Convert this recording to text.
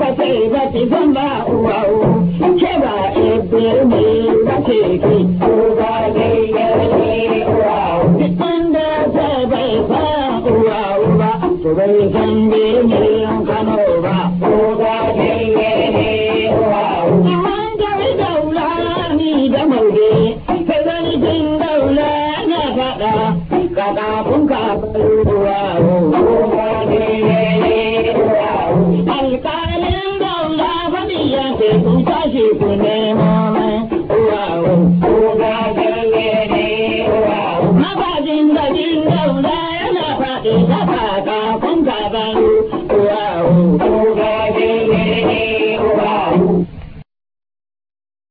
ba ce ba ce zan ba uwa ke ba ebe ne ba ce ki uwa ne ya ce uwa duk wanda ta bai ba uwa uwa to bai san be ne kano ba uwa ne ya ce uwa wanda ri daula ni da maude kai zan da daula na fada kada kun ka ku tashi ku nemo mai uwawo ku ga galle ne uwawo. Mafajin da jin gauna yana faɗi ta faka kun gabanu.